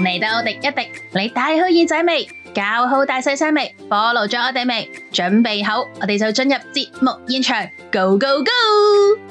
嚟到廸一廸，你戴好耳仔未？搞好大細聲未？Follow 咗我哋未？準備好，我哋就進入節目現場，Go Go Go！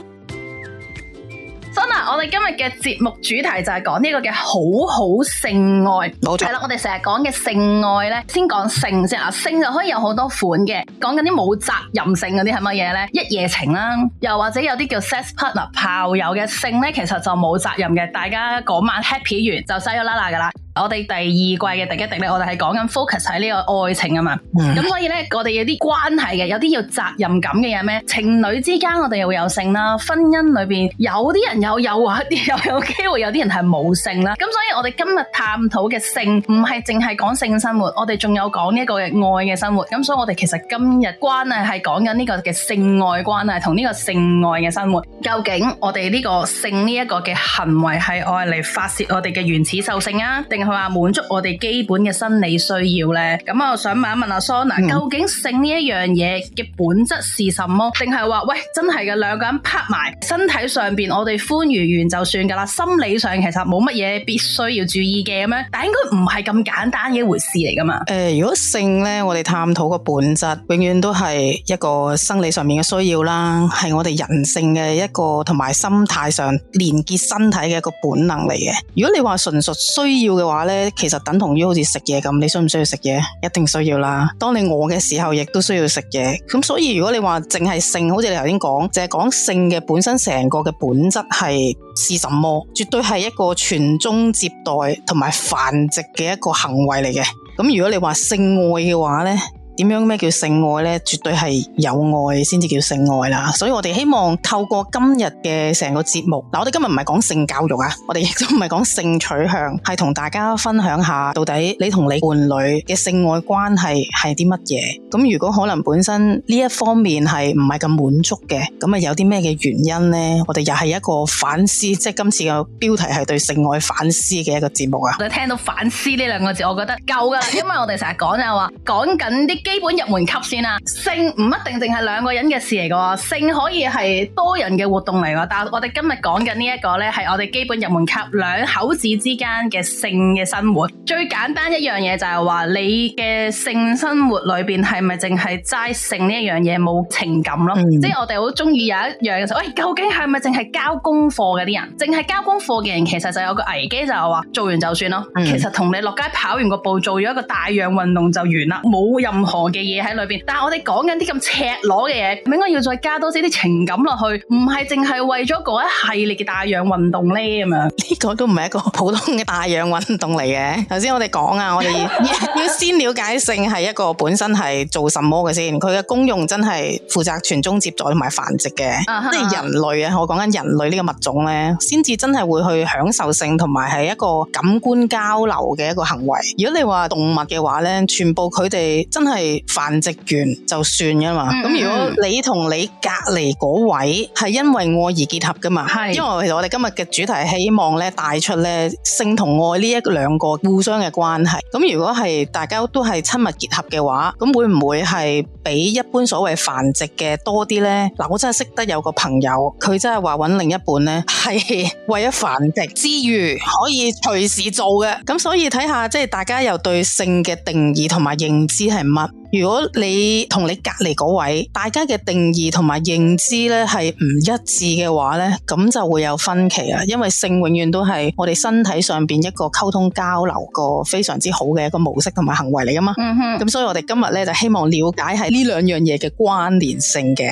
真啊！S S onna，我哋今日嘅節目主題就係講呢個嘅好好性愛，係啦，冇錯，我哋成日講嘅性愛呢，先講性先啊，性就可以有好多款嘅，講緊啲冇責任性嗰啲係乜嘢咧？一夜情啦，又或者有啲叫 sex partner 炮友嘅性呢，其實就冇責任嘅，大家嗰晚 happy 完就 sayonara 㗎啦。我哋第二季嘅第一集咧，我哋係講緊 focus 喺呢個愛情啊嘛，咁所以咧，我哋有啲關係嘅，有啲要責任感嘅嘢咩？情侶之間我哋又有性啦，婚姻裏邊有啲人有誘惑，啲又有機會，有啲人係冇性啦。咁所以，我哋今日探討嘅性唔係淨係講性生活，我哋仲有講呢一個嘅愛嘅生活。咁所以，我哋其實今日關係係講緊呢個嘅性愛關係，同呢個性愛嘅生活，究竟我哋呢個性呢一個嘅行為係愛嚟發洩我哋嘅原始獸性啊，定？係嘛，滿足我哋基本嘅生理需要呢？咁啊，想問一問阿 Sona，究竟性呢一樣嘢嘅本質是什麼？定係話喂，真係嘅兩個人拍埋身體上邊，我哋歡愉完就算噶啦，心理上其實冇乜嘢必須要注意嘅咁樣？但應該唔係咁簡單嘅一回事嚟噶嘛？誒、呃，如果性呢，我哋探討個本質，永遠都係一個生理上面嘅需要啦，係我哋人性嘅一個同埋心態上連結身體嘅一個本能嚟嘅。如果你話純屬需要嘅話，話咧，其實等同於好似食嘢咁，你需唔需要食嘢？一定需要啦。當你餓嘅時候，亦都需要食嘢。咁所以如果你話淨係性，好似你頭先講，淨係講性嘅本身成個嘅本質係是什麼？絕對係一個傳宗接代同埋繁殖嘅一個行為嚟嘅。咁如果你話性愛嘅話咧？點樣，咩叫性愛呢？絕對係有愛先至叫性愛啦。所以我哋希望透過今日嘅成個節目，嗱，我哋今日唔係講性教育啊，我哋亦都唔係講性取向，係同大家分享下到底你同你伴侶嘅性愛關係係啲乜嘢。咁如果可能本身呢一方面係唔係咁滿足嘅，咁啊有啲咩嘅原因呢？我哋又係一個反思，即係今次嘅標題係對性愛反思嘅一個節目啊。我聽到反思呢兩個字，我覺得夠噶啦，因為我哋成日講就話講緊啲。基本入門級先啦，性唔一定淨係兩個人嘅事嚟噶，性可以係多人嘅活動嚟噶。但係我哋今日講緊呢一個咧，係我哋基本入門級兩口子之間嘅性嘅生活。最簡單一樣嘢就係、是、話，你嘅性生活裏邊係咪淨係齋性呢一樣嘢冇情感咯？嗯、即係我哋好中意有一樣嘅時候，喂、哎，究竟係咪淨係交功課嗰啲人，淨係交功課嘅人，其實就有個危機就係、是、話，做完就算咯。嗯、其實同你落街跑完個步，做咗一個大量運動就完啦，冇任何。嘅嘢喺裏邊，但係我哋講緊啲咁赤裸嘅嘢，唔應該要再加多少啲情感落去，唔係淨係為咗嗰一系列嘅帶氧運動咧咁樣。呢個都唔係一個普通嘅帶氧運動嚟嘅。頭先我哋講啊，我哋要先了解性係一個本身係做什麼嘅先，佢嘅功用真係負責傳宗接代同埋繁殖嘅。即係、uh huh huh. 人類啊，我講緊人類呢個物種咧，先至真係會去享受性同埋係一個感官交流嘅一個行為。如果你話動物嘅話咧，全部佢哋真係。繁殖完就算噶嘛，咁、嗯嗯、如果你同你隔籬嗰位係因為愛而結合噶嘛，係是，因為其實我哋今日嘅主題希望咧帶出咧性同愛呢一兩個互相嘅關係。咁如果係大家都係親密結合嘅話，咁會唔會係比一般所謂繁殖嘅多啲呢？嗱，我真係識得有個朋友，佢真係話揾另一半呢係為咗繁殖之餘可以隨時做嘅。咁所以睇下即係大家又對性嘅定義同埋認知係乜？如果你同你隔籬嗰位，大家嘅定義同埋認知咧係唔一致嘅話咧，咁就會有分歧喇！因為性永遠都係我哋身體上邊一個溝通交流個非常之好嘅一個模式同埋行為嚟噶嘛。嗯哼。咁所以我哋今日咧就希望了解係呢兩樣嘢嘅關聯性嘅。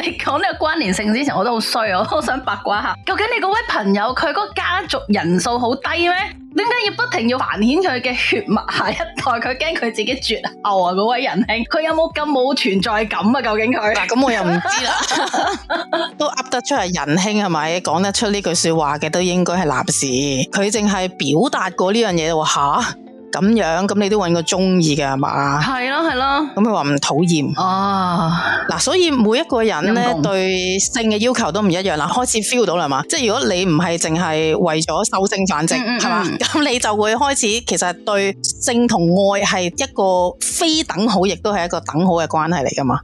你講呢個關聯性之前，我都好衰，我都好想八卦下，究竟你嗰位朋友佢嗰個家族人數好低咩？點解要不停要繁衍佢嘅血脈？下一代，佢驚佢自己絕後啊！嗰位仁兄，佢有冇咁冇存在感啊？究竟佢？咁我又唔知啦。都噏得出係仁兄係咪？講得出呢句說話嘅都應該係男士。佢淨係表達過呢樣嘢就話吓。咁樣，咁你都揾個中意噶係嘛？係咯係咯。咁佢話唔討厭。哦，嗱、啊啊，所以每一個人呢，何對性嘅要求都唔一樣啦。開始 feel 到啦嘛？即係如果你唔係淨係為咗受性繁殖係嘛？咁你就會開始其實對性同愛係一個非等好，亦都係一個等好嘅關係嚟噶嘛？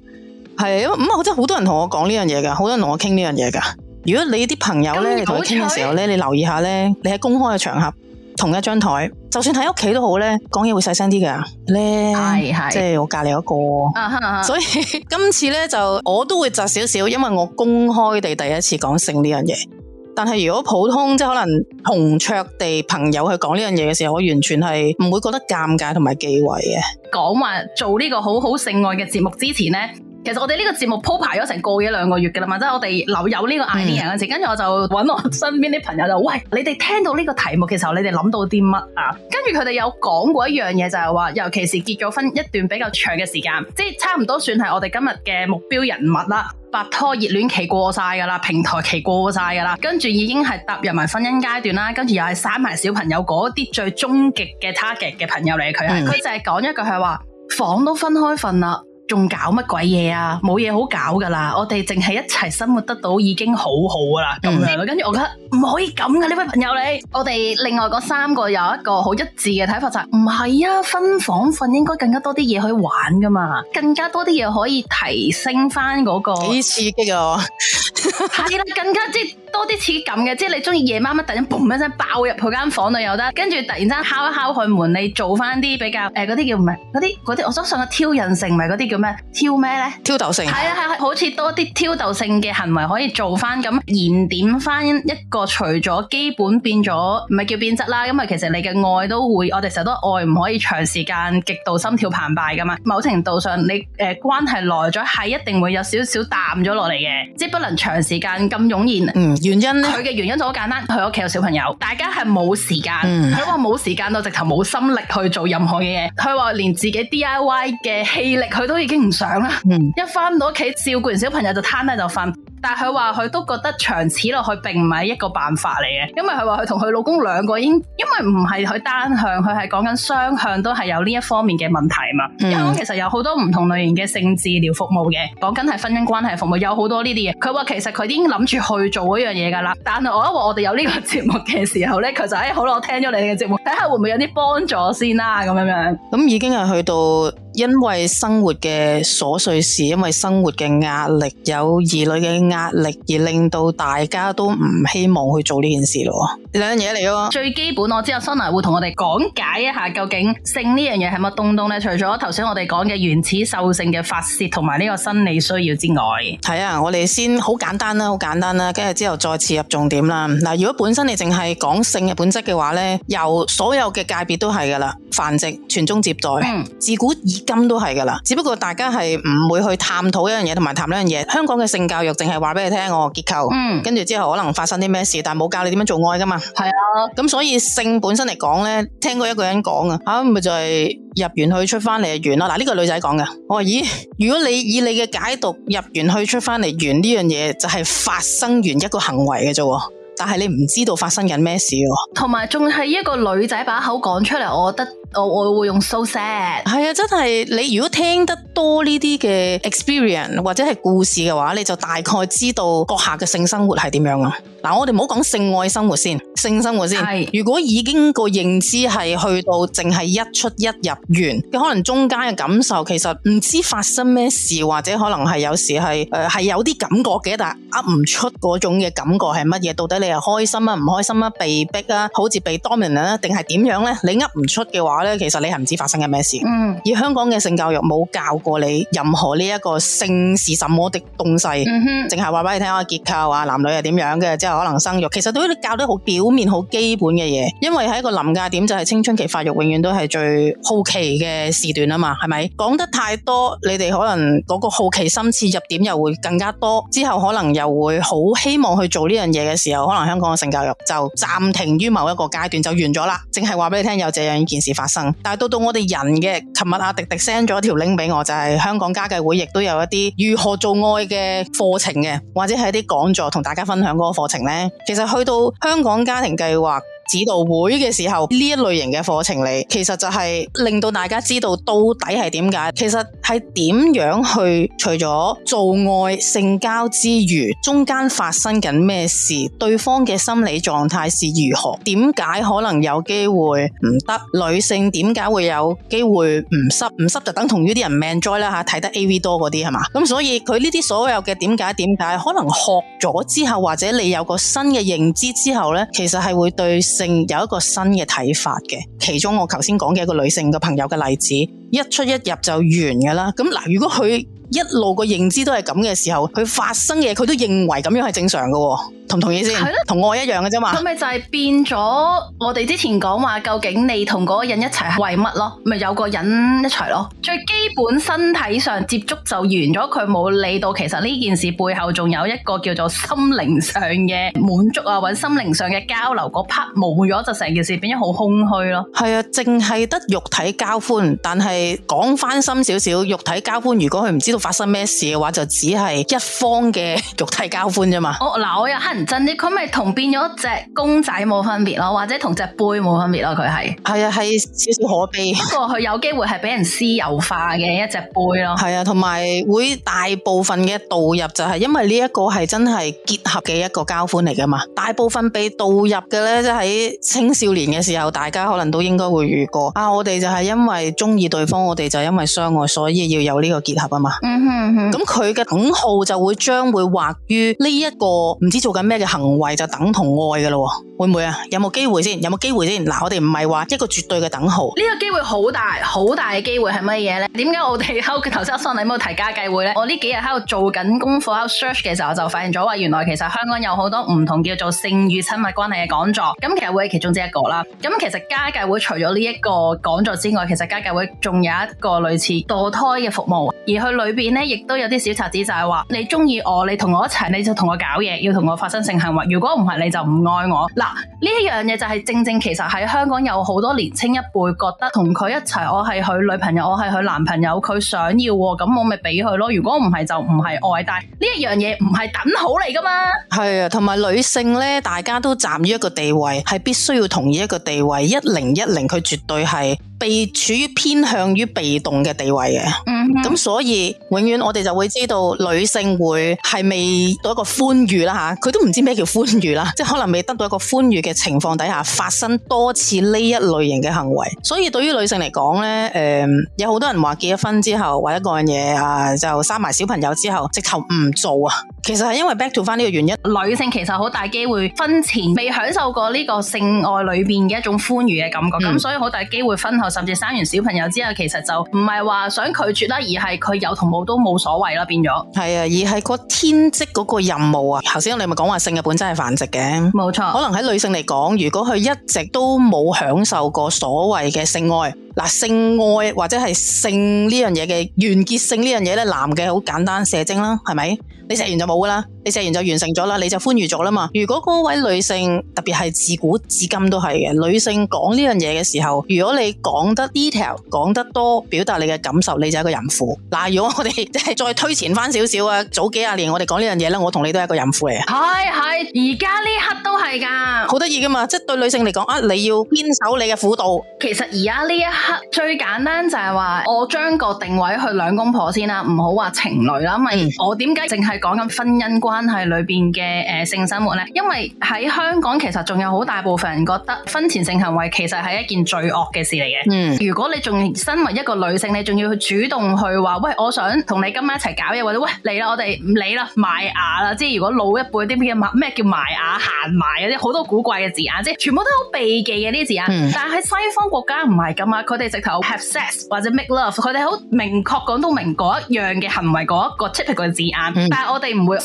係咁，咁、嗯、啊，真係好多人同我講呢樣嘢噶，好多人同我傾呢樣嘢噶。如果你啲朋友呢同佢傾嘅時候呢，你留意下呢，你喺公開嘅場合。同一張台，就算喺屋企都好咧，講嘢會細聲啲嘅咧，呢 即係我隔離有一個， 所以今次咧就我都會窒少少，因為我公開地第一次講性呢樣嘢。但係如果普通即係可能同桌地朋友去講呢樣嘢嘅時候，我完全係唔會覺得尷尬同埋忌諱嘅。講話做呢個好好性愛嘅節目之前咧，其實我哋呢個節目鋪排咗成個一兩個月噶啦嘛，即係我哋留有呢個 idea 嗰陣時，跟住、嗯、我就搵我身邊啲朋友就，喂，你哋聽到呢個題目嘅時候，你哋諗到啲乜啊？跟住，佢哋有講過一樣嘢，就係話，尤其是結咗婚一段比較長嘅時間，即係差唔多算係我哋今日嘅目標人物啦。拍拖熱戀期過晒噶啦，平台期過晒噶啦，跟住已經係踏入埋婚姻階段啦，跟住又係生埋小朋友嗰啲最終極嘅 target 嘅朋友嚟，佢係佢就係講一句係話，房都分開瞓啦。仲搞乜鬼嘢啊！冇嘢好搞噶啦，我哋淨係一齊生活得到已經好好噶啦，咁樣、嗯、跟住我覺得。唔可以咁噶，呢位朋友你，我哋另外嗰三個有一個好一致嘅睇法就係，唔係啊，分房瞓應該更加多啲嘢可以玩噶嘛，更加多啲嘢可以提升翻嗰個幾刺激啊，係 啦、啊，更加即係多啲刺激感嘅，即係你中意夜晚黑突然嘣一聲爆入佢間房度又得，跟住突然間敲一敲佢門，你做翻啲比較誒嗰啲叫咩？嗰啲啲我所講嘅挑釁性唔係嗰啲叫咩？挑咩咧？挑逗性係啊係、啊啊，好似多啲挑逗性嘅行為可以做翻咁燃點翻一個。除咗基本變咗，唔係叫變質啦。因為，其實你嘅愛都會，我哋成日都愛唔可以長時間極度心跳澎湃噶嘛。某程度上，你誒、呃、關係耐咗係一定會有少少淡咗落嚟嘅，即係不能長時間咁湧現。嗯，原因咧，佢嘅原因就好簡單，佢屋企有小朋友，大家係冇時間。佢話冇時間到，直頭冇心力去做任何嘢。佢話、嗯、連自己 D I Y 嘅氣力，佢都已經唔想啦。嗯，一返到屋企，照顧完小朋友就攤低就瞓。但係佢話佢都覺得長此落去並唔係一個辦法嚟嘅，因為佢話佢同佢老公兩個已經，因為唔係佢單向，佢係講緊雙向都係有呢一方面嘅問題嘛。嗯、因為其實有好多唔同類型嘅性治療服務嘅，講緊係婚姻關係服務有好多呢啲嘢。佢話其實佢已經諗住去做嗰樣嘢噶啦，但係我一話我哋有呢個節目嘅時候咧，佢就誒、哎、好啦，我聽咗你嘅節目，睇下會唔會有啲幫助先啦、啊，咁樣樣。咁已經係去到因為生活嘅瑣碎事，因為生活嘅壓力，有兒女嘅。壓力而令到大家都唔希望去做呢件事咯，呢兩樣嘢嚟咯。最基本，我知阿 Shona 會同我哋講解一下究竟性呢樣嘢係乜東東呢，除咗頭先我哋講嘅原始獸性嘅發泄同埋呢個生理需要之外，係啊，我哋先好簡單啦，好簡單啦，跟住之後再次入重點啦。嗱，如果本身你淨係講性嘅本質嘅話呢，由所有嘅界別都係噶啦，繁殖、傳宗接代，嗯、自古以今都係噶啦。只不過大家係唔會去探討一樣嘢同埋談兩樣嘢。香港嘅性教育淨係。話俾你聽我結構，跟住、嗯、之後可能發生啲咩事，但係冇教你點樣做愛噶嘛。係啊，咁所以性本身嚟講咧，聽過一個人講啊，吓咪就係、是、入完去出翻嚟就完咯。嗱、啊、呢、這個女仔講嘅，我話咦，如果你以你嘅解讀入完去出翻嚟完呢樣嘢，就係、是、發生完一個行為嘅啫，但係你唔知道發生緊咩事。同埋仲係一個女仔把口講出嚟，我覺得。我我會用 so sad 係啊，真係你如果聽得多呢啲嘅 experience 或者係故事嘅話，你就大概知道閣下嘅性生活係點樣啊。嗱，mm hmm，我哋唔好講性愛生活先，性生活先。係是如果已經個認知係去到淨係一出一入完，佢可能中間嘅感受其實唔知發生咩事，或者可能係有時係誒係有啲感覺嘅，但係噏唔出嗰種嘅感覺係乜嘢？到底你係開心啊、唔開心啊、被逼啊、好似被 dominant 定係點樣咧？你噏唔出嘅話。其實你係唔知發生緊咩事。嗯，而香港嘅性教育冇教過你任何呢一個性是什麼的東西，嗯哼，淨係話俾你聽下、啊、結構啊，男女係點樣嘅，之後可能生育，其實對你教得好表面、好基本嘅嘢。因為喺一個臨界點，就係、是、青春期發育，永遠都係最好奇嘅時段啊嘛，係咪？講得太多，你哋可能嗰個好奇心切入點又會更加多，之後可能又會好希望去做呢樣嘢嘅時候，可能香港嘅性教育就暫停於某一個階段就完咗啦，淨係話俾你聽有這樣一件事發。但係到到我哋人嘅，琴日阿迪迪 send 咗一條 link 俾我，就係香港家計會亦都有一啲如何做愛嘅課程嘅，或者係一啲講座同大家分享嗰個課程咧。其實去到香港家庭計劃。指導會嘅時候，呢一類型嘅課程嚟，其實就係令到大家知道到底係點解，其實係點樣去除咗做愛性交之餘，中間發生緊咩事，對方嘅心理狀態是如何，點解可能有機會唔得，女性點解會有機會唔濕，唔濕就等同於啲人唔 enjoy 啦嚇，睇得 AV 多嗰啲係嘛？咁所以佢呢啲所謂嘅點解點解，可能學咗之後，或者你有個新嘅認知之後呢，其實係會對。正有一個新嘅睇法嘅，其中我頭先講嘅一個女性嘅朋友嘅例子，一出一入就完噶啦。咁嗱，如果佢一路個認知都係咁嘅時候，佢發生嘅嘢，佢都認為咁樣係正常㗎喎。同唔同意先？係咯的，同我一樣嘅啫嘛。咁咪就係變咗我哋之前講話，究竟你同嗰個人一齊係為乜咯？咪、就是、有個人一齊咯。最基本身體上接觸就完咗，佢冇理到，其實呢件事背後仲有一個叫做心靈上嘅滿足啊，或者心靈上嘅交流嗰 part 冇咗，就成件事變咗好空虛咯。係啊，淨係得肉體交歡，但係講翻深少少，肉體交歡如果佢唔知道發生咩事嘅話，就只係一方嘅肉體交歡啫嘛。哦，嗱，我又真啲，佢咪同變咗隻公仔冇分別咯，或者同隻杯冇分別咯，佢係係啊，係少少可悲。不過佢有機會係俾人私有化嘅一隻杯咯。係啊，同埋會大部分嘅導入就係因為呢一個係真係結合嘅一個交歡嚟噶嘛。大部分被導入嘅咧，即喺青少年嘅時候，大家可能都應該會遇過啊。我哋就係因為中意對方，嗯、我哋就因為相愛，所以要有呢個結合啊嘛。嗯哼，嗯哼。咁佢嘅等號就會將會畫於呢一個唔知做緊。咩嘅行為就等同愛嘅咯，會唔會啊？有冇機會先？有冇機會先？嗱，我哋唔係話一個絕對嘅等號，呢個機會好大好大嘅機會係乜嘢呢？點解我哋喺頭先阿桑有冇提家計會呢？我呢幾日喺度做緊功課，喺度 search 嘅時候我就發現咗話，原來其實香港有好多唔同叫做性與親密關係嘅講座，咁其實會係其中之一個啦。咁其實家計會除咗呢一個講座之外，其實家計會仲有一個類似墮胎嘅服務，而佢裏邊呢，亦都有啲小冊子就，就係話你中意我，你同我一齊，你就同我搞嘢，要同我發生性行為，如果唔係，你就唔愛我嗱。呢一樣嘢就係正正，其實喺香港有好多年青一輩覺得同佢一齊，我係佢女朋友，我係佢男朋友，佢想要咁我咪俾佢咯。如果唔係就唔係愛。但呢一樣嘢唔係等好嚟㗎嘛？係啊，同埋女性咧，大家都站於一個地位，係必須要同意一個地位一零一零，佢絕對係被處於偏向於被動嘅地位嘅。嗯哼，咁所以永遠我哋就會知道女性會係未到一個歡愉啦吓，佢、啊、都唔知咩叫歡愉啦，即係可能未得到一個歡愉。嘅情況底下發生多次呢一類型嘅行為，所以對於女性嚟講呢，誒有好多人話結咗婚之後，或者嗰樣嘢啊，就生埋小朋友之後，直頭唔做啊。其實係因為 back to 翻呢個原因，女性其實好大機會婚前未享受過呢個性愛裏邊嘅一種歡愉嘅感覺，咁、嗯、所以好大機會婚後甚至生完小朋友之後，其實就唔係話想拒絕啦，而係佢有同冇都冇所謂啦，變咗。係啊，而係個天職嗰個任務啊，頭先我哋咪講話性嘅本質係繁殖嘅，冇錯。可能喺女性嚟講，如果佢一直都冇享受過所謂嘅性愛。嗱，性愛或者係性呢樣嘢嘅完結性呢樣嘢咧，男嘅好簡單，射精啦，係咪？你射完就冇噶啦，你射完就完成咗啦，你就歡愉咗啦嘛。如果嗰位女性，特別係自古至今都係嘅女性，講呢樣嘢嘅時候，如果你講得 detail，講得多，表達你嘅感受，你就係一個淫婦。嗱，如果我哋即係再推前翻少少啊，早幾廿年我哋講呢樣嘢咧，我同你都係一個淫婦嚟。係係，而家呢刻都係噶，好得意噶嘛。即係對女性嚟講啊，你要堅守你嘅婦道。其實而家呢一刻。最簡單就係話，我將個定位去兩公婆先啦，唔好話情侶啦，嗯、因為我點解淨係講緊婚姻關係裏邊嘅誒性生活咧？因為喺香港其實仲有好大部分人覺得婚前性行為其實係一件罪惡嘅事嚟嘅。嗯，如果你仲身為一個女性，你仲要去主動去話，喂，我想同你今晚一齊搞嘢，或者喂嚟啦，我哋唔理啦，埋牙啦，即係如果老一輩啲咩叫埋牙行埋啊，啲，好多古怪嘅字眼，即係全部都好避忌嘅啲字眼。嗯，但係喺西方國家唔係咁啊，我哋直頭 have sex 或者 make love，佢哋好明確講到明嗰一樣嘅行為嗰一個 typical 字眼，但係我哋唔會。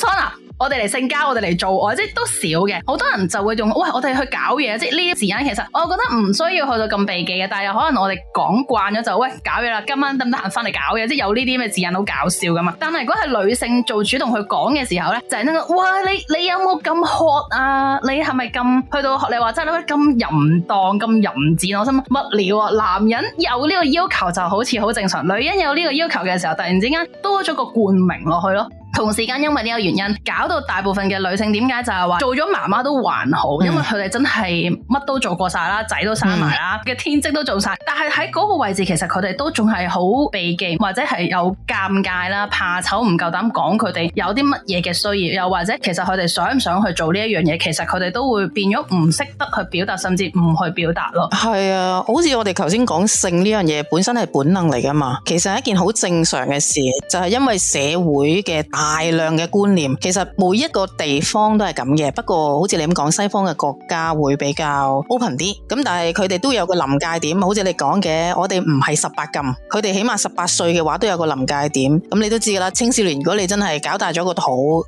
我哋嚟性交，我哋嚟做，或者都少嘅。好多人就會用，喂，我哋去搞嘢，即係呢啲字眼。其實我覺得唔需要去到咁避忌嘅，但係又可能我哋講慣咗就喂搞嘢啦，今晚得唔得閒翻嚟搞嘢？即係有呢啲嘅字眼，好搞笑㗎嘛。但係如果係女性做主動去講嘅時候咧，就係呢個，哇！你你有冇咁渴啊？你係咪咁去到？你話真係咧，咁淫蕩、咁淫賤？我心乜料啊！男人有呢個要求就好似好正常，女人有呢個要求嘅時候，突然之間多咗個冠名落去咯。同時間因為呢個原因，搞到大部分嘅女性點解就係、是、話做咗媽媽都還好，嗯、因為佢哋真係乜都做過晒啦，仔都生埋啦，嘅、嗯、天職都做晒。但係喺嗰個位置，其實佢哋都仲係好避忌，或者係有尷尬啦，怕醜唔夠膽講佢哋有啲乜嘢嘅需要，又或者其實佢哋想唔想去做呢一樣嘢，其實佢哋都會變咗唔識得去表達，甚至唔去表達咯。係啊，好似我哋頭先講性呢樣嘢，本身係本能嚟㗎嘛，其實係一件好正常嘅事，就係、是、因為社會嘅打大量嘅觀念，其實每一個地方都係咁嘅。不過好似你咁講，西方嘅國家會比較 open 啲。咁但係佢哋都有個臨界點，好似你講嘅，我哋唔係十八禁，佢哋起碼十八歲嘅話都有個臨界點。咁你都知噶啦，青少年如果你真係搞大咗個肚，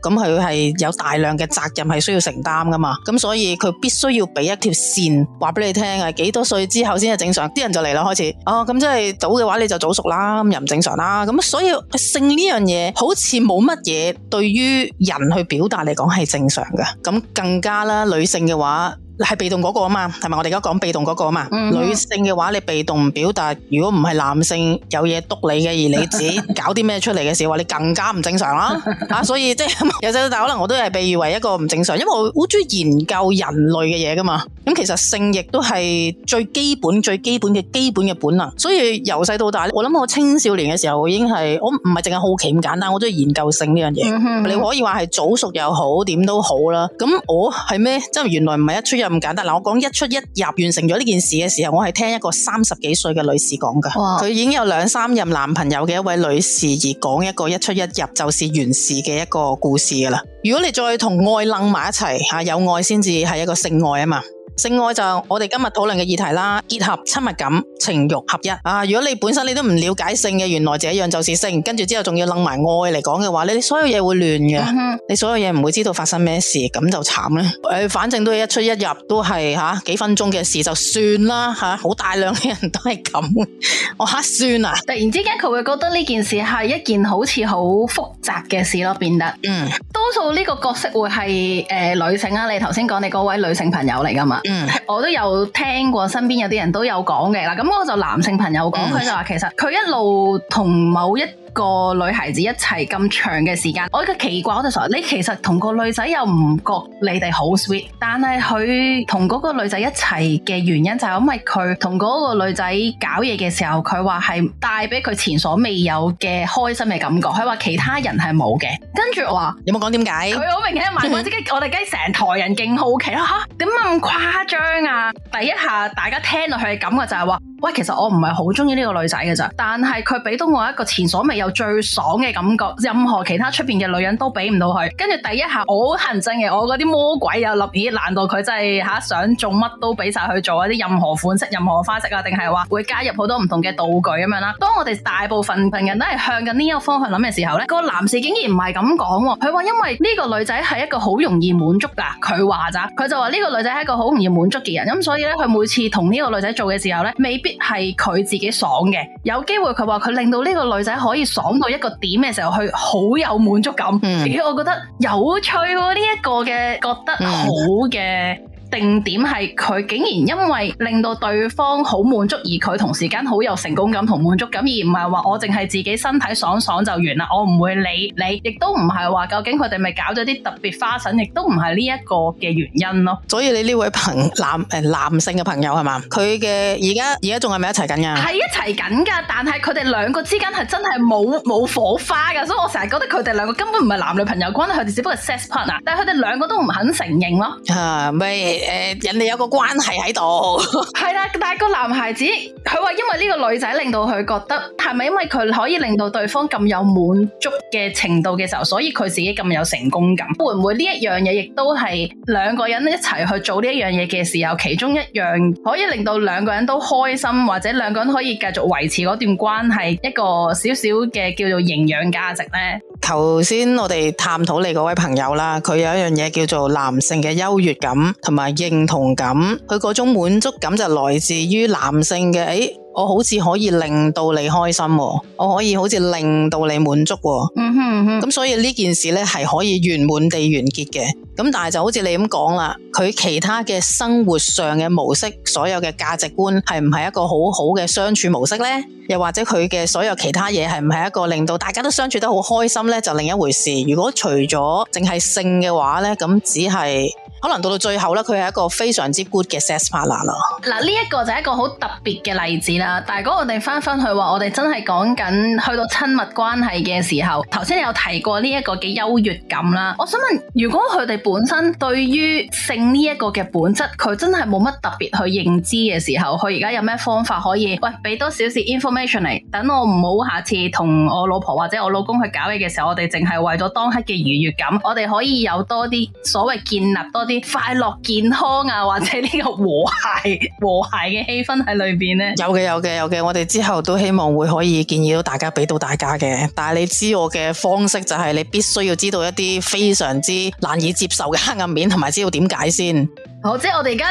咁佢係有大量嘅責任係需要承擔噶嘛。咁所以佢必須要俾一條線話俾你聽啊，幾多歲之後先係正常？啲人就嚟啦，開始哦。咁即係早嘅話，你就早熟啦，又唔正常啦。咁所以性呢樣嘢好似冇乜。嘢對於人去表達嚟講，係正常嘅，咁更加啦，女性嘅話。係被動嗰個啊嘛，係咪？我哋而家講被動嗰個啊嘛，嗯、哼女性嘅話你被動唔表達，如果唔係男性有嘢督你嘅，而你自己搞啲咩出嚟嘅時候，話 你更加唔正常啦。 啊，所以即係由細到大，可能我都係被譽為一個唔正常，因為我好中意研究人類嘅嘢噶嘛。咁、嗯、其實性亦都係最基本、最基本嘅基本嘅本能。所以由細到大咧，我諗我青少年嘅時候我已經係我唔係淨係好奇咁簡單，我中意研究性呢樣嘢。嗯、哼你可以話係早熟又好，點都好啦。咁我係咩？即係原來唔係一出咁唔簡單嗱，我講一出一入完成咗呢件事嘅時候，我係聽一個三十幾歲嘅女士講噶，佢哇已經有兩三任男朋友嘅一位女士而講一個一出一入就是完事嘅一個故事噶啦。如果你再同愛楞埋一齊吓，有愛先至係一個性愛啊嘛。性愛就係我哋今日討論嘅議題啦，結合親密感、情慾合一啊！如果你本身你都唔了解性嘅，原來這樣就是性，跟住之後仲要掹埋愛嚟講嘅話，你所有嘢會亂嘅，嗯、哼你所有嘢唔會知道發生咩事，咁就慘啦。誒、呃，反正都一出一入都係吓、啊、幾分鐘嘅事就算啦吓，好、啊、大量嘅人都係咁，我黑算啊！算突然之間佢會覺得呢件事係一件好似好複雜嘅事咯，變得嗯，多數呢個角色會係誒、呃、女性啊，你頭先講你嗰位女性朋友嚟噶嘛？嗯，我都有聽過身邊有啲人都有講嘅，嗱，咁我就男性朋友講，佢、嗯、就話其實佢一路同某一。個女孩子一齊咁長嘅時間，我一個奇怪我就想，你其實同個女仔又唔覺你哋好 sweet，但係佢同嗰個女仔一齊嘅原因就係因為佢同嗰個女仔搞嘢嘅時候，佢話係帶俾佢前所未有嘅開心嘅感覺，佢話其他人係冇嘅。跟住我話有冇講點解？佢好明顯問， 我即刻我哋即成台人勁好奇咯吓，點解咁誇張啊？第一下大家聽落去嘅感覺就係話，喂，其實我唔係好中意呢個女仔嘅咋，但係佢俾到我一個前所未有。最爽嘅感覺，任何其他出邊嘅女人都俾唔到佢。跟住，第一下好行正嘅，我嗰啲魔鬼又立，咦？難道佢真係吓想做乜都俾晒佢做一啲任何款式、任何花式啊？定係話會加入好多唔同嘅道具咁樣啦？當我哋大部分群人都係向緊呢一個方向諗嘅時候呢，呢個男士竟然唔係咁講，佢話因為呢個女仔係一個好容易滿足噶，佢話咋？佢就話呢個女仔係一個好容易滿足嘅人，咁、嗯、所以呢，佢每次同呢個女仔做嘅時候呢，未必係佢自己爽嘅，有機會佢話佢令到呢個女仔可以。爽到一個點嘅時候，去好有滿足感，而且、嗯、我覺得有趣喎、啊。呢、這、一個嘅覺得好嘅。嗯定點係佢竟然因為令到對方好滿足而佢同時間好有成功感同滿足感，而唔係話我淨係自己身體爽爽就完啦。我唔會理你，亦都唔係話究竟佢哋咪搞咗啲特別花臣，亦都唔係呢一個嘅原因咯。所以你呢位朋男誒男性嘅朋友係嘛？佢嘅而家而家仲係咪一齊緊噶？係一齊緊噶，但係佢哋兩個之間係真係冇冇火花噶，所以我成日覺得佢哋兩個根本唔係男女朋友關係，佢哋只不過係 sex partner，但係佢哋兩個都唔肯承認咯。吓咩？ 誒，人哋有個關係喺度，係啦，但係個男孩子，佢話因為呢個女仔令到佢覺得，係咪因為佢可以令到對方咁有滿足嘅程度嘅時候，所以佢自己咁有成功感？會唔會呢一樣嘢亦都係兩個人一齊去做呢一樣嘢嘅時候，其中一樣可以令到兩個人都開心，或者兩個人可以繼續維持嗰段關係，一個少少嘅叫做營養價值呢？頭先我哋探討你嗰位朋友啦，佢有一樣嘢叫做男性嘅優越感同埋認同感，佢嗰種滿足感就來自於男性嘅，誒，我好似可以令到你開心、喎，我可以好似令到你滿足、喎，咁、嗯嗯嗯、所以呢件事呢係可以圓滿地完結嘅。咁但係就好似你咁講啦，佢其他嘅生活上嘅模式，所有嘅價值觀係唔係一個好好嘅相處模式呢？又或者佢嘅所有其他嘢係唔係一個令到大家都相處得好開心呢？就另一回事。如果除咗淨係性嘅話呢，咁只係。可能到到最後咧，佢係一個非常之 good 嘅 sex partner 啦。嗱，呢一個就係一個好特別嘅例子啦。但係嗰我哋翻翻去話，我哋真係講緊去到親密關係嘅時候，頭先你有提過呢一個嘅優越感啦。我想問，如果佢哋本身對於性呢一個嘅本質，佢真係冇乜特別去認知嘅時候，佢而家有咩方法可以？喂，俾多少少 information 嚟，等我唔好下次同我老婆或者我老公去搞嘢嘅時候，我哋淨係為咗當刻嘅愉悅感，我哋可以有多啲所謂建立多啲。快樂、健康啊，或者呢個和諧、和諧嘅氣氛喺裏邊呢？有嘅、有嘅、有嘅。我哋之後都希望會可以建議到大家，俾到大家嘅。但係你知我嘅方式就係，你必須要知道一啲非常之難以接受嘅黑暗面，同埋知道點解先。好，即係我哋而家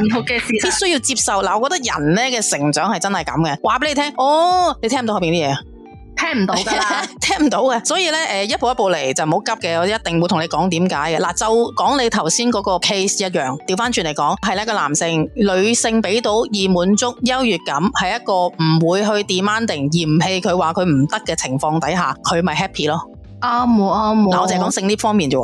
殘酷嘅事，必須要接受。嗱，我覺得人呢嘅成長係真係咁嘅。話俾你聽，哦，你聽唔到後邊啲嘢？聽唔到噶啦，聽唔到嘅，所以咧，誒、呃，一步一步嚟就唔好急嘅，我一定會同你講點解嘅。嗱，就講你頭先嗰個 case 一樣，調翻轉嚟講，係一個男性、女性俾到易滿足、優越感，係一個唔會去 demanding、嫌棄佢話佢唔得嘅情況底下，佢咪 happy 咯。啱喎、啊，啱、啊、嗱、啊，我淨係講性呢方面啫。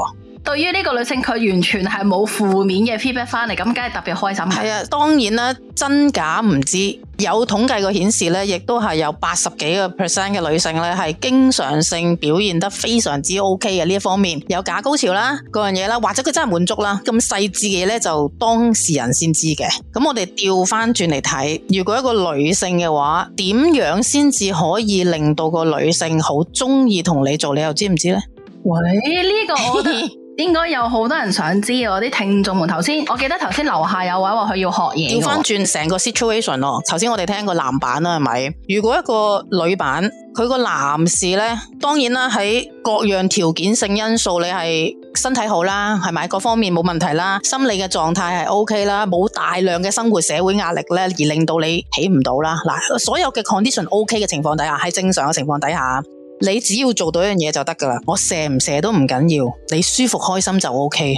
對於呢個女性，佢完全係冇負面嘅 feedback 翻嚟，咁梗係特別開心。係啊，當然啦，真假唔知。有統計過顯示咧，亦都係有八十幾個 percent 嘅女性咧，係經常性表現得非常之 OK 嘅呢一方面。有假高潮啦，嗰樣嘢啦，或者佢真係滿足啦。咁細緻嘅嘢咧，就當事人先知嘅。咁我哋調翻轉嚟睇，如果一個女性嘅話，點樣先至可以令到個女性好中意同你做？你又知唔知咧？喂，呢個我～ 應該有好多人想知啊。我啲聽眾們頭先，我記得頭先樓下有位話佢要學嘢，調翻轉成個 situation 咯。頭先我哋聽個男版啦，係咪？如果一個女版，佢個男士呢，當然啦，喺各樣條件性因素，你係身體好啦，係咪？各方面冇問題啦，心理嘅狀態係 O K 啦，冇大量嘅生活社會壓力呢，而令到你起唔到啦。嗱，所有嘅 condition O K 嘅情況底下，喺正常嘅情況底下。你只要做到一樣嘢，就得㗎喇，我射唔射都唔緊要，你舒服開心就 OK。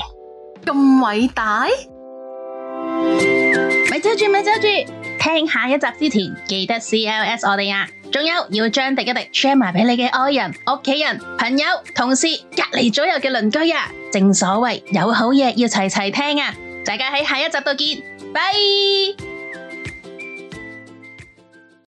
咁偉大，咪遮住，咪遮住，聽下一集之前記得 C L S 我哋呀。仲有要將廸一廸 share 埋俾你嘅愛人、屋企人、朋友、同事、隔籬左右嘅鄰居呀。正所謂有好嘢要齊齊聽啊，大家喺下一集度見，拜。